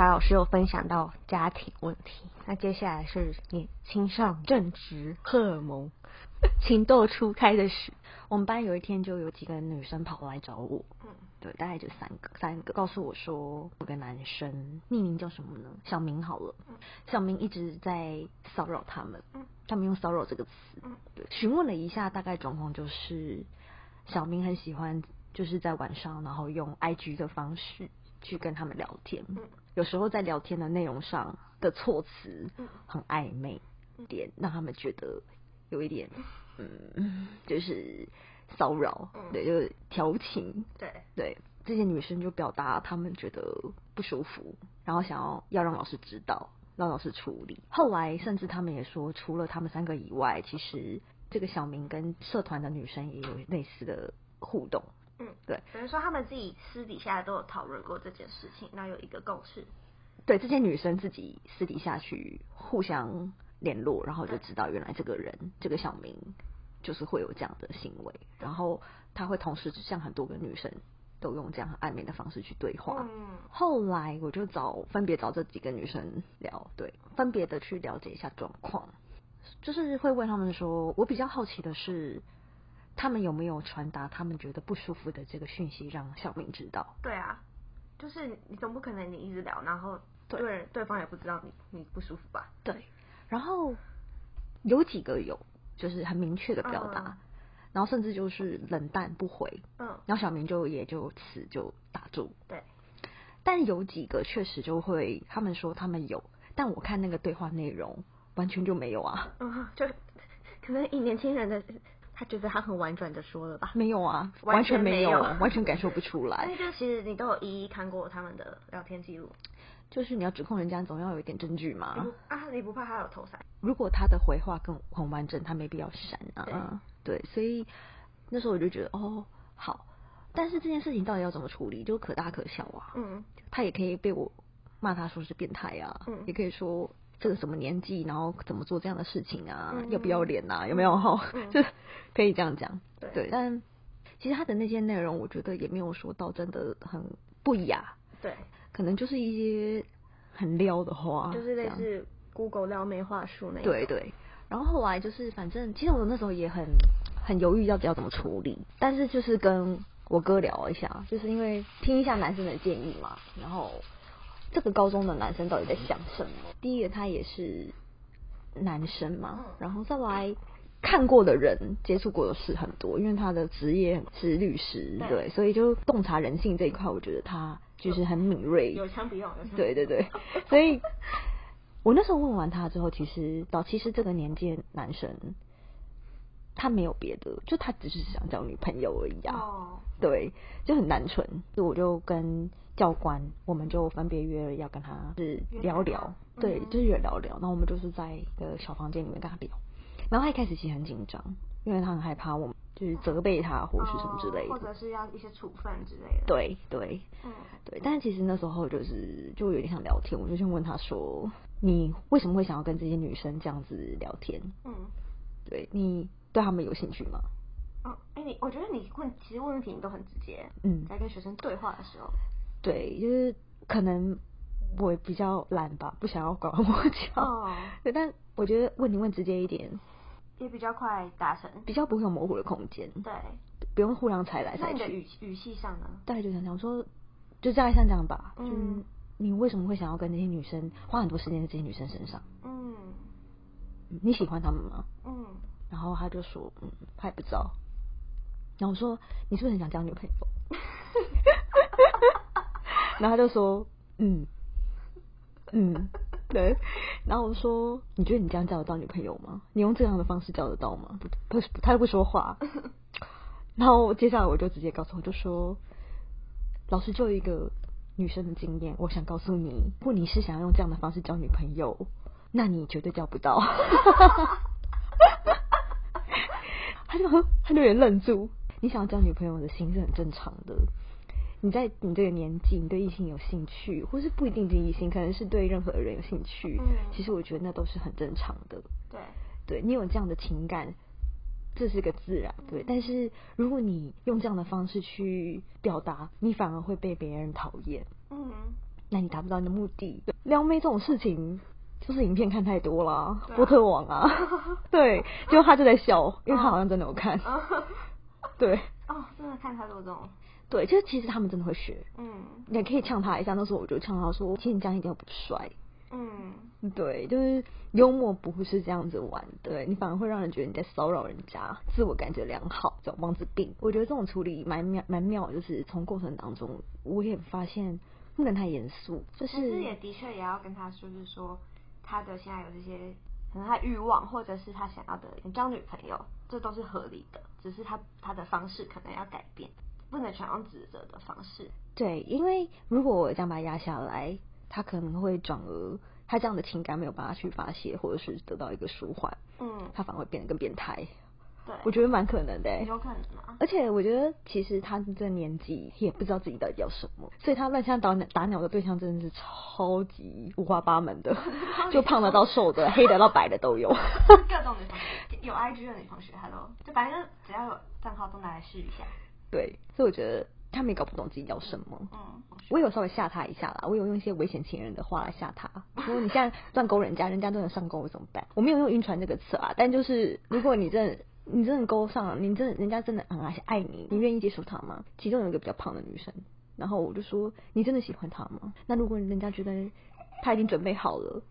奶茶老師有分享到家庭問題，嗯、那接下來是你青少年正值荷爾蒙、情竇初開的時，我們班有一天就有幾個女生跑來找我，嗯，對，大概就三個，三個告訴我說有個男生，匿名叫什麼呢？小明好了，小明一直在騷擾他們，他們用騷擾這個詞，對，詢、嗯、問了一下大概狀況，就是小明很喜歡，就是在晚上然後用 IG 的方式。去跟他們聊天，有時候在聊天的內容上的措辭很曖昧點，點讓他們覺得有一點，嗯，就是騷擾，對，就是調情，對，對，這些女生就表達他們覺得不舒服，然後想要要讓老師知道，讓老師處理。後來甚至他們也說，除了他們三個以外，其實這個小明跟社團的女生也有類似的互動。嗯，對，等於說他們自己私底下都有討論過這件事情，那有一個共識。對，這些女生自己私底下去互相聯絡，然後就知道原來這個人，嗯、這個小明，就是會有這樣的行為，然後他會同時向很多個女生都用這樣很曖昧的方式去對話。嗯。後來我就找分別找這幾個女生聊，對，分別的去了解一下狀況，就是會問他們說，我比較好奇的是。他們有沒有傳達他們覺得不舒服的這個訊息讓小明知道？對啊，就是你總不可能你一直聊，然後對對，對方也不知道你你不舒服吧？對，然後有幾個有就是很明確的表達，嗯嗯，然後甚至就是冷淡不回，嗯，然後小明就也就此就打住。對，但有幾個確實就會，他們說他們有，但我看那個對話內容完全就沒有啊，嗯，就可能一年輕人的。他覺得他很婉轉的說了吧？沒有啊，完全沒有，完全，沒有啊、完全感受不出來。那就其實你都有一一看過他們的聊天記錄，就是你要指控人家，總要有一點證據嘛。啊，你不怕他有偷刪？如果他的回話更很完整，他沒必要刪啊。對，對，所以那時候我就覺得，哦，好，但是這件事情到底要怎麼處理？就可大可小啊。嗯，他也可以被我罵，他說是變態呀、啊。嗯。也可以說。這個什麼年紀，然後怎麼做這樣的事情啊？嗯、要不要臉吶、啊？有沒有哈？就、嗯、 可以這樣講，對，對。但其實他的那些內容，我覺得也沒有說到真的很不雅，對。可能就是一些很撩的話，就是類似 Google 撩妹話術那樣。對對。然後後、啊、來就是，反正其實我那時候也很很猶豫要不要怎麼處理，但是就是跟我哥聊一下，就是因為聽一下男生的建議嘛，然後。這個高中的男生到底在想什麼？第一個，他也是男生嘛，然後再來看過的人，接觸過的事很多，因為他的職業是律師，對，所以就洞察人性這一塊，我覺得他就是很敏銳，有槍不用，對對對，所以我那時候問完他之後，其實早期是這個年紀的男生。他沒有別的，就他只是想找女朋友而已啊。Oh. 對，就很單純。就我就跟教官，我們就分別約了要跟他就是聊聊，嗯、對，就是約聊聊。然後我們就是在一個小房間裡面跟他聊。然後他一開始其實很緊張，因為他很害怕我們就是責備他，或是什麼之類的，uh, 或者是要一些處分之類的。對對，對嗯，對。但其實那時候就是就有點想聊天，我就先問他說：“你為什麼會想要跟這些女生這樣子聊天？”嗯，對，你。對他們有興趣嗎？嗯，哎、欸，你我覺得你問其實問題你都很直接。嗯，在跟學生對話的時候。對，就是可能我比較懶吧，不想要拐彎抹角。哦。但我覺得問你問直接一點，也比較快達成，比較不會有模糊的空間。對。不用互相踩來踩去。你的語語氣上呢？大概就想想我說就大概像這樣吧。嗯。你為什麼會想要跟那些女生花很多時間在這些女生身上？嗯。你喜歡他們嗎？嗯。然後他就說，嗯，他也不知道。然後我說，你是不是很想交女朋友？ 然後他就說，嗯，嗯，對。然後我說，你覺得你這樣交得到女朋友嗎？你用這樣的方式交得到嗎？不不，不，不，太會說話。然後接下來我就直接告訴，我就說，老師就有一個女生的經驗，我想告訴你，如果你是想要用這樣的方式交女朋友，那你絕對交不到。 他就很，他就有點愣住。你想要交女朋友的心是很正常的。你在你這個年紀，你對異性有興趣，或是不一定是異性，可能是對任何人有興趣。其實我覺得那都是很正常的。嗯、對，對你有這樣的情感，這是個自然。對，嗯、但是如果你用這樣的方式去表達，你反而會被別人討厭。嗯，那你達不到你的目的。撩妹這種事情。就是影片看太多了，啊，啊、波特王啊， 對，就他就在笑， 因為他好像真的有看， 對，哦，oh, 真的看他這種，對，就是其實他們真的會學，嗯，你也可以嗆他一下，那時候我就嗆他說，其實你這樣一點都不帥，嗯，對，就是幽默不會是這樣子玩，對，你反而會讓人覺得你在騷擾人家，自我感覺良好，叫王子病，我覺得這種處理蠻妙，蠻妙，就是從過程當中我也發現不能太嚴肅，就是，是也的確也要跟他就是說。他的現在有這些，可能他的慾望，或者是他想要的交女朋友，這都是合理的。只是他他的方式可能要改變，不能全用指責的方式。對，因為如果我這樣把他壓下來，他可能會轉而他這樣的情感沒有辦法去發洩，或者是得到一個舒緩。嗯，他反而會變得更變態。對我覺得蠻可能的、欸，有可能啊。而且我覺得其實他這年紀也不知道自己到底要什麼， 所以他亂槍打鳥打鳥的對象真的是超級五花八門的， 就胖的到瘦的， 黑的到白的都有。 各種女同學有 IG 的女同學，Hello，就反正只要有賬號都拿來試一下。對，所以我覺得他沒搞不懂自己要什麼。嗯，我有稍微嚇他一下啦，我有用一些危險情人的話來嚇他。 如果你現在亂勾人家，人家都能上鈎，我怎麼辦？我沒有用暈船這個詞啊，但就是如果你真的。 你真的勾上了，你真的人家真的很愛愛你，你願意接受他嗎？其中有一個比較胖的女生，然後我就說，你真的喜歡他嗎？那如果人家覺得他已經準備好了，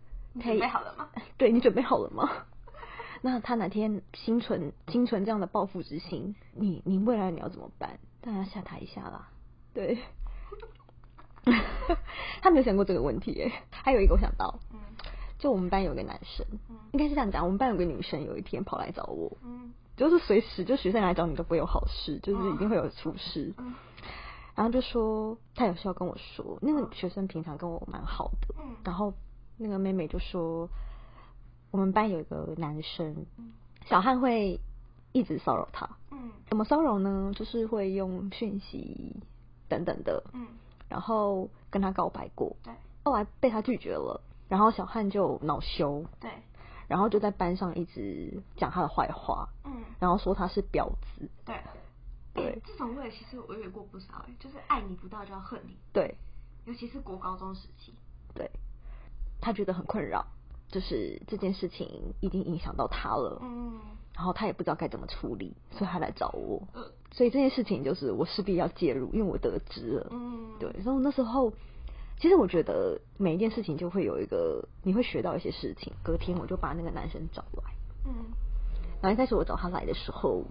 可以，你準備好了嗎？對，你準備好了嗎？ 那他哪天心存心存這樣的報復之心，你你未來你要怎麼辦？當然要嚇他一下啦。對， 他沒有想過這個問題耶。還有一個我想到，就我們班有個男生，嗯、應該是這樣講，我們班有個女生有一天跑來找我。嗯就是隨時就學生來找你都不會有好事，oh, 就是一定會有出事。嗯、然後就說他有事要跟我說，oh. 那個學生平常跟我蠻好的。嗯、然後那個妹妹就說，我們班有一個男生、嗯、小翰會一直騷擾他。嗯，怎麼騷擾呢？就是會用訊息等等的。嗯，然後跟他告白過，對，後來被他拒絕了，然後小翰就惱羞。對。然後就在班上一直講他的壞話，嗯，然後說他是婊子，嗯、對，對、欸，這種味其實我遇過不少，就是愛你不到就要恨你，對，尤其是國高中時期，對，他覺得很困擾，就是這件事情已經影響到他了，嗯，然後他也不知道該怎麼處理，所以他來找我，嗯，所以這件事情就是我勢必要介入，因為我得知了，嗯，對，然後那時候。其實我覺得每一件事情就會有一個，你會學到一些事情。隔天我就把那個男生找來，嗯，然後一開始我找他來的時候，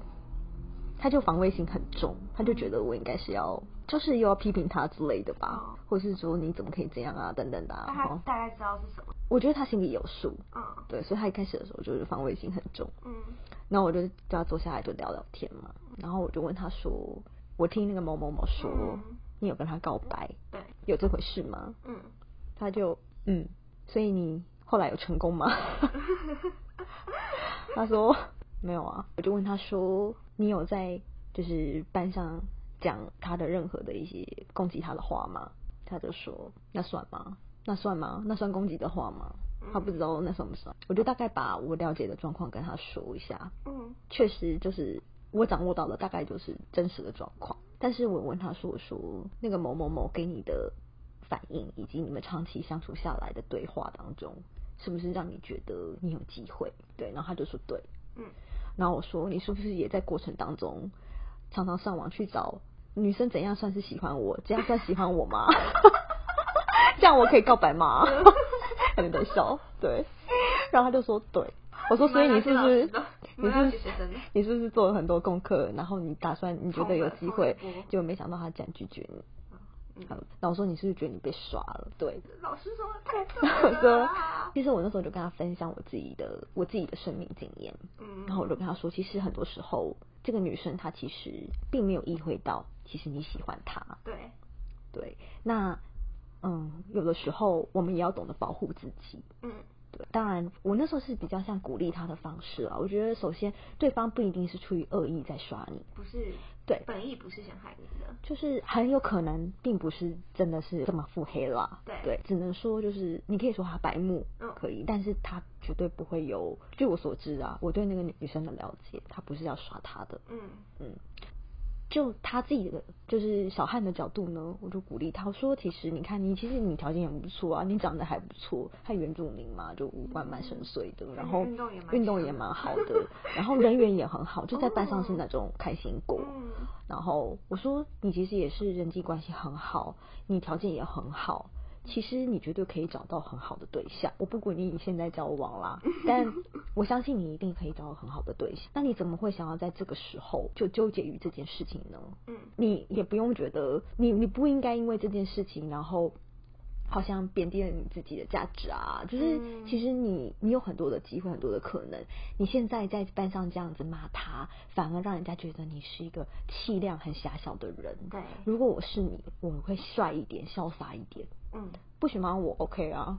他就防衛心很重，他就覺得我應該是要，就是又要批評他之類的吧，或者是說你怎麼可以這樣啊等等的啊。但他大概知道是什麼？我覺得他心裡有數，嗯，對，所以他一開始的時候就是防衛心很重，嗯，然後我就叫他坐下來就聊聊天嘛，然後我就問他說，我聽那個某某某說。嗯你有跟他告白？對，有這回事嗎？嗯，他就嗯，所以你後來有成功嗎？ 他說沒有啊，我就問他說，你有在就是班上講他的任何的一些攻擊他的話嗎？他就說那算嗎？那算嗎？那算攻擊的話嗎？他不知道那算不算。我就大概把我了解的狀況跟他說一下。嗯，確實就是。我掌握到了大概就是真實的狀況，但是我問他說：“我說那個某某某給你的反應，以及你們長期相處下來的對話當中，是不是讓你覺得你有機會？”對，然後他就說：“對，嗯。”然後我說：“你是不是也在過程當中常常上網去找女生怎樣算是喜歡我，怎樣算喜歡我嗎？ 這樣我可以告白嗎？”很逗， 笑，對。然後他就說：“對。”我說：“所以你是不是？”你是，是、嗯、你是不是做了很多功課，然後你打算你覺得有機會，就沒想到他這樣拒絕你。好、嗯，那、嗯、我說你是不是覺得你被耍了？對，老師說得太對了，啊。然後我說，其實我那時候就跟他分享我自己的我自己的生命經驗，嗯，然後我就跟他說，其實很多時候這個女生她其實並沒有意會到，其實你喜歡她。對對，那嗯，有的時候我們也要懂得保護自己。嗯。當然，我那時候是比較像鼓勵他的方式啊。我覺得首先，對方不一定是出於惡意在耍你，不是？對，本意不是想害你的，就是很有可能並不是真的是這麼腹黑啦、啊。對，對，只能說就是你可以說他白目，嗯、哦，可以，但是他絕對不會有。據我所知啊，我對那個女生的了解，他不是要耍他的。嗯嗯。嗯就他自己的，就是小翰的角度呢，我就鼓勵他，我說，其實你看你，其實你條件也不錯啊，你長得還不錯，他原住民嘛，就五官蠻深邃的，然後運動也蠻好的，然後人緣也很好，就在班上是那種開心果。然後我說你其實也是人際關係很好，你條件也很好。其實你絕對可以找到很好的對象。我不管你你現在交往啦，但我相信你一定可以找到很好的對象。那你怎麼會想要在這個時候就糾結於這件事情呢？嗯，你也不用覺得你你不應該因為這件事情，然後好像貶低了你自己的價值啊。就是其實你你有很多的機會，很多的可能。你現在在班上這樣子罵他，反而讓人家覺得你是一個氣量很狹小的人。對，如果我是你，我會帥一點，瀟灑一點。嗯，不喜歡我 OK 啊，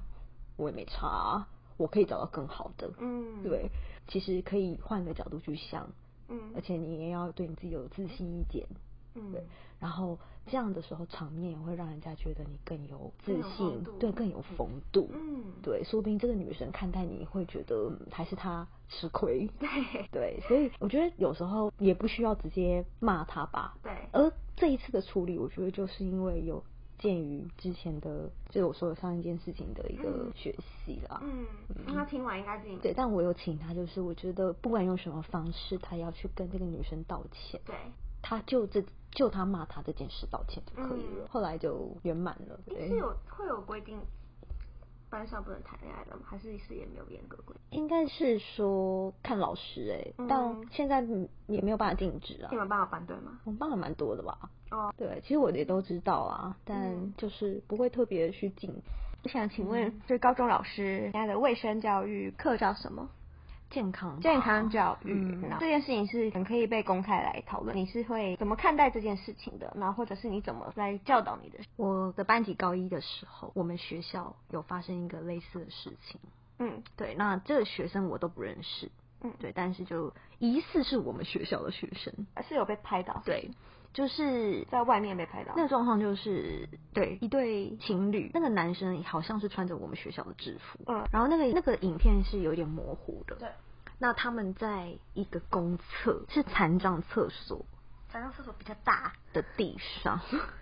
我也沒差啊，我可以找到更好的。嗯，對，其實可以換個角度去想，嗯，而且你也要對你自己有自信一點，嗯，對。然後這樣的時候，場面也會讓人家覺得你更有自信，自對，更有風度。嗯，嗯對，說不定這個女生看待你會覺得、嗯、還是她吃虧。對對，所以我覺得有時候也不需要直接罵他吧。對。而這一次的處理，我覺得就是因為有。鑒於之前的，就我說的上一件事情的一個學習啦，嗯，他聽完應該自己對，但我有請他，就是我覺得不管用什麼方式，他要去跟這個女生道歉，對，他就這就他罵他這件事道歉就可以了，嗯，後來就圓滿了，其實有會有規定。班上不能談戀愛了嗎？還是師爺沒有嚴格規定？應該是說看老師哎、欸，但、嗯、現在也沒有辦法禁止啊。你們班有班對嗎？我們班有蠻多的吧。哦，對，其實我也都知道啊，但就是不會特別去禁。我、嗯、想請問，就是高中老師，他的衛生教育課叫什麼？健康健康教育、嗯、那這件事情是很可以被公開來討論，你是會怎麼看待這件事情的？然後或者是你怎麼來教導你的？我的班級高一的時候，我們學校有發生一個類似的事情。嗯，對，那這個學生我都不認識。嗯，對，但是就疑似是我們學校的學生，是有被拍到是不是？對。就是在外面被拍到，那個狀況就是對一對情侶，那個男生好像是穿着我們學校的制服，嗯，然後那個那個影片是有點模糊的，對，那他們在一個公廁，是殘障廁所，殘障廁所比較大的地上，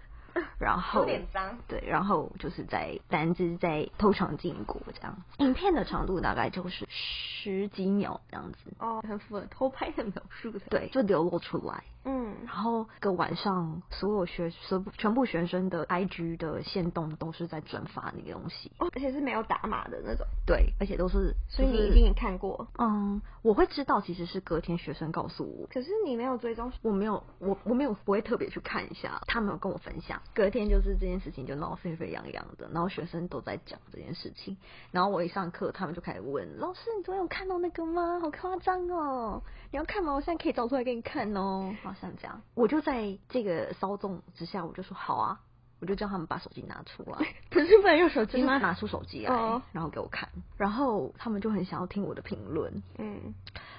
然後有點髒，對，然後就是在反正就是在偷嘗禁果這樣，影片的長度大概就是十幾秒這樣子，哦，很符合偷拍的描述，對，就流露出來。嗯，然後個晚上，所有學、所全部學生的 IG 的限動都是在轉發那個東西。哦，而且是沒有打碼的那種。對，而且都是，所以你一定也看過。嗯，我會知道其實是隔天學生告訴我，可是你沒有追蹤，我沒有，我我沒有不會特別去看一下。他們有跟我分享，隔天就是這件事情就鬧沸沸揚揚的，然後學生都在講這件事情，然後我一上課，他們就開始問老師：“你昨天有看到那個嗎？好誇張哦！你要看嗎？我現在可以找出來給你看哦、喔。”像這樣，我就在這個騷動之下，我就說好啊，我就叫他們把手機拿出來，啊，可 是不能用手機嗎？拿出手機來，oh. 然後給我看，然後他們就很想要聽我的評論，嗯。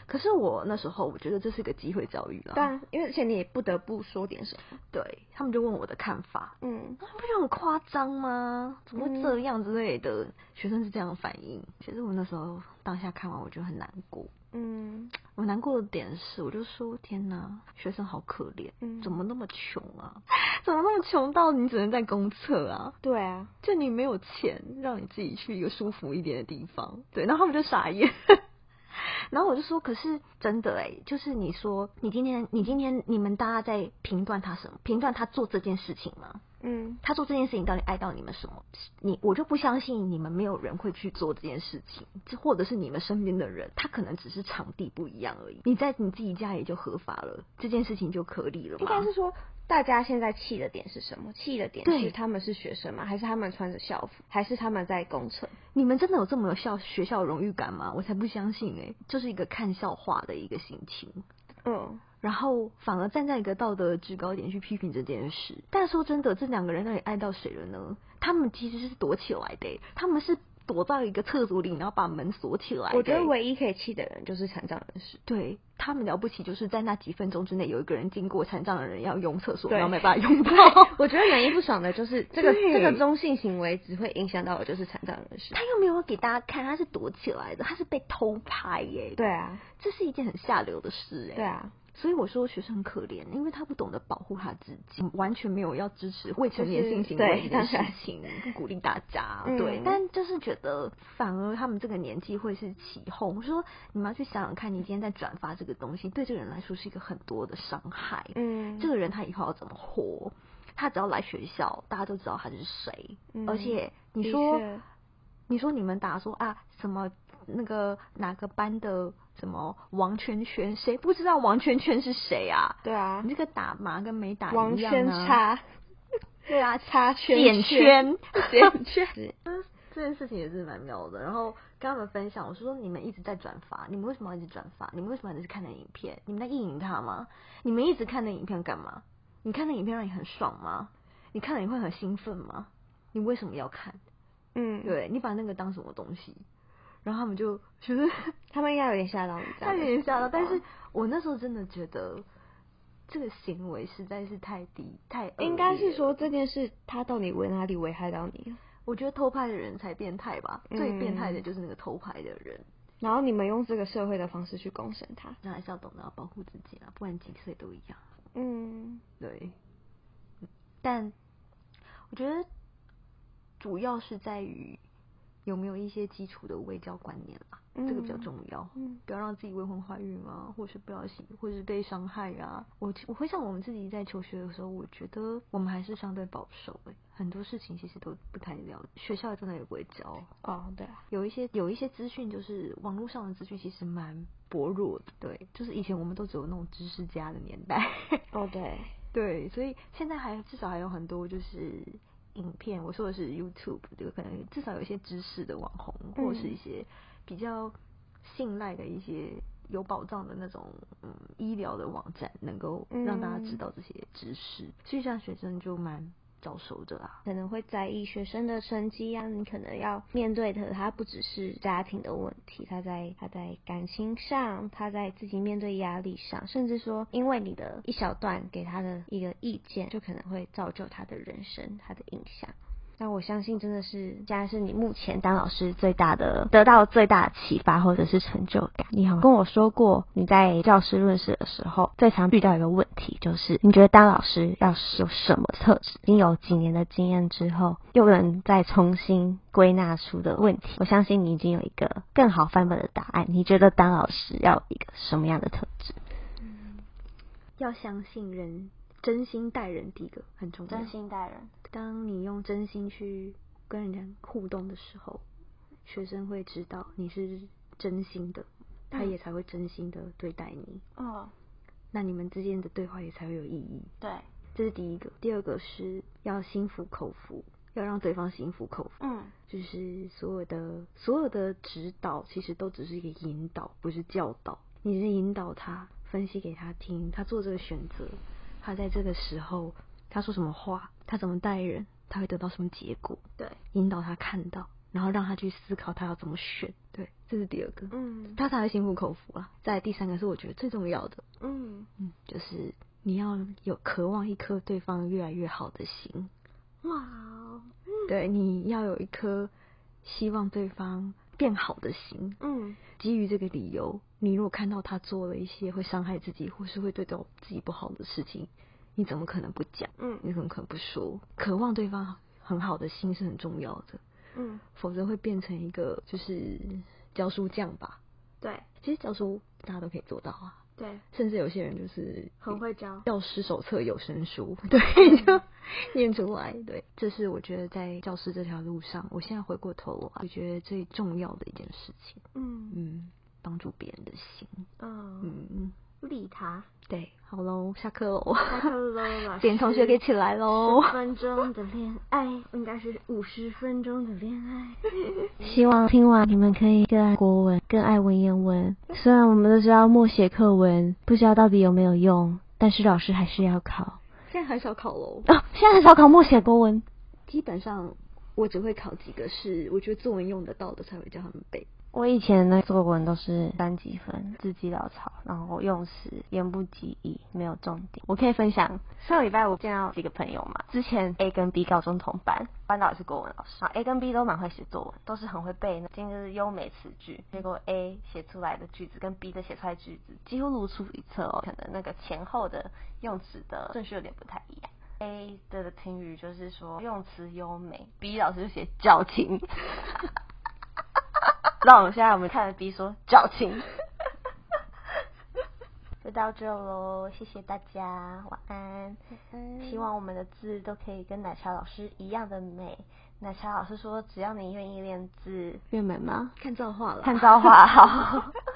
可是我那時候，我覺得這是一個機會教育了，啊，對因為而且你也不得不說點什麼。對他們就問我的看法，嗯，不覺得很誇張嗎？怎麼會這樣之類的？嗯、學生是這樣的反應。其實我那時候當下看完，我就很難過。嗯，我難過的點是，我就說天哪，學生好可憐，嗯，怎麼那麼窮啊？怎麼那麼窮到你只能在公廁啊？對啊，就你沒有錢，讓你自己去一個舒服一點的地方。對，然後他們就傻眼。 然後我就說，可是真的哎、欸，就是你說，你今天，你今天，你們大家在評斷他什麼？評斷他做這件事情嗎？嗯，他做這件事情到底礙到你們什麼？你我就不相信你們沒有人會去做這件事情，這或者是你們身邊的人，他可能只是場地不一樣而已。你在你自己家也就合法了，這件事情就可以了。了吧？應該是說。大家現在氣的點是什麼？氣的點是他們是學生嗎？對還是他們穿着校服？還是他們在公廁？你們真的有這麼有校學校榮譽感嗎？我才不相信哎、欸，就是一個看笑話的一個心情。嗯，然後反而站在一個道德制高點去批評這件事。但說真的，這兩個人到底愛到誰了呢？他們其實是躲起來的、欸，他們是。躲到一個廁所裡，然後把門鎖起來。我覺得唯一可以氣的人就是殘障人士，對他們了不起，就是在那幾分鐘之內有一個人經過，殘障的人要用廁所，對然後沒辦法用到。 我覺得唯一不爽的就是這個對這個中性行為，只會影響到的就是殘障人士。他又沒有給大家看，他是躲起來的，他是被偷拍耶。對啊，這是一件很下流的事耶。對啊。所以我說學生很可憐，因為他不懂得保護他自己，完全沒有要支持未成年性行為的事情，不 是鼓勵大家。嗯、對，但就是覺得反而他們這個年紀會是起哄。我說你們要去想想看，你今天在轉發這個東西，對這個人來說是一個很多的傷害。嗯，這個人他以後要怎麼活？他只要來學校，大家都知道他是誰。嗯、而且你說，確你說你們答說啊什麼？那個哪個班的什麼王圈圈，誰不知道王圈圈是誰啊？對啊，你這個打麻跟沒打，啊、王圈啊。對啊，插圈點圈，插圈。嗯，這件事情也是蠻妙的。然後跟他們分享，我說說你們一直在轉發，你們為什麼要一直轉發？你們為什麼要一直看那影片？你們在意淫他嗎？你們一直看那影片幹嘛？你看那影片讓你很爽嗎？你看了你會很興奮嗎？你為什麼要看？嗯，對，你把那個當什麼東西？然後他們就覺得他們應該有點嚇到你這樣，他有點嚇到。但是我那時候真的覺得這個行為實在是太低，太惡應該是說這件事，他到底為哪裡危害到你？我覺得偷拍的人才變態吧，嗯、最變態的就是那個偷拍的人。然後你們用這個社會的方式去公審他，那還是要懂得要保護自己啊，不然幾歲都一樣。嗯，對。但我覺得主要是在於。有沒有一些基礎的外交觀念啊？嗯、這個比較重要，嗯、不要讓自己未婚懷孕啊，或是不要行，或是被傷害啊。我我會想我們自己在求學的時候，我覺得我們還是相對保守，欸，很多事情其實都不太了解。學校也真的有未教，啊，哦。對，有一些有一些資訊，就是網絡上的資訊其實蠻薄弱的。對，就是以前我們都只有那種知識家的年代哦。對對，所以現在還至少還有很多就是。影片，我說的是 YouTube，這個可能至少有一些知識的網紅，或是一些比較信賴的一些有保障的那種嗯醫療的網站，能夠讓大家知道這些知識。所以像學生就蠻。教授的啊，可能會在意學生的成績啊，你可能要面對的他不只是家庭的問題，他在他在感情上，他在自己面對壓力上，甚至說因為你的一小段給他的一個意見，就可能會造就他的人生，他的影響。那我相信，真的是現在是你目前當老師最大的得到最大的啟發，或者是成就感。你好，跟我說過你在教師論事的時候，最常遇到一個問題，就是你覺得當老師要是有什麼特質？你有幾年的經驗之後，又能再重新歸納出的問題。我相信你已經有一個更好翻本的答案。你覺得當老師要一個什麼樣的特質、嗯？要相信人，真心待人，第一個很重要，真心待人。當你用真心去跟人家互動的時候，學生會知道你是真心的，他也才會真心的對待你。哦、嗯，那你們之間的對話也才會有意義。對，這是第一個。第二個是要心服口服，要讓對方心服口服。嗯，就是所有的所有的指導其實都只是一個引導，不是教導。你是引導他分析給他聽，他做這個選擇，他在這個時候。他說什麼話，他怎麼待人，他會得到什麼結果？對，引導他看到，然後讓他去思考，他要怎麼選？對，這是第二個，嗯，他才會心服口服了、啊。再來第三個是我覺得最重要的，嗯嗯，就是你要有渴望一顆對方越來越好的心，哇、哦，嗯、對，你要有一顆希望對方變好的心，嗯，基於這個理由，你如果看到他做了一些會傷害自己或是會對着自己不好的事情。你怎麼可能不講？嗯，你怎麼可能不說？嗯、渴望對方很好的心是很重要的，嗯，否則會變成一個就是教書匠吧。對，其實教書大家都可以做到啊。對，甚至有些人就是很會教。教師手冊有聲書，對，嗯、 你就念出來。對，這、就是我覺得在教師這條路上，我現在回過頭我,、啊、我覺得最重要的一件事情。嗯嗯，幫、嗯、助別人的心。嗯嗯。嗯利他。對，好嘍，下課嘍，下課嘍，老師，點同學可以起來嘍。十分鐘的戀愛應該是五十分鐘的戀愛。 希望聽完你們可以更愛國文，更愛文言文。雖然我們都知道默寫課文不知道到底有沒有用，但是老師還是要考。現在很少考嘍啊、哦，現在很少考默寫國文。基本上我只會考幾個是我覺得作文用得到的才會叫他們背。我以前那作文都是三級分，字跡潦草，然後用詞言不及義，沒有重點。我可以分享，上個禮拜我見到幾個朋友嘛，之前 A 跟 B 高中同班，班導也是國文老師，啊，A 跟 B 都蠻會寫作文，都是很會背，那，今日優美詞句。結果 A 寫出來的句子跟 B 的寫出來句子幾乎如出一轍哦，可能那個前後的用詞的順序有點不太一樣。A 的評語就是說用詞優美，B 老師就寫矯情。 那我們現在我們看的 B 說矯情， 就到這嘍，謝謝大家，晚安。嗯、希望我們的字都可以跟奶茶老師一樣的美。奶茶老師說，只要你願意練字，願美嗎？看造化了，看造化。好。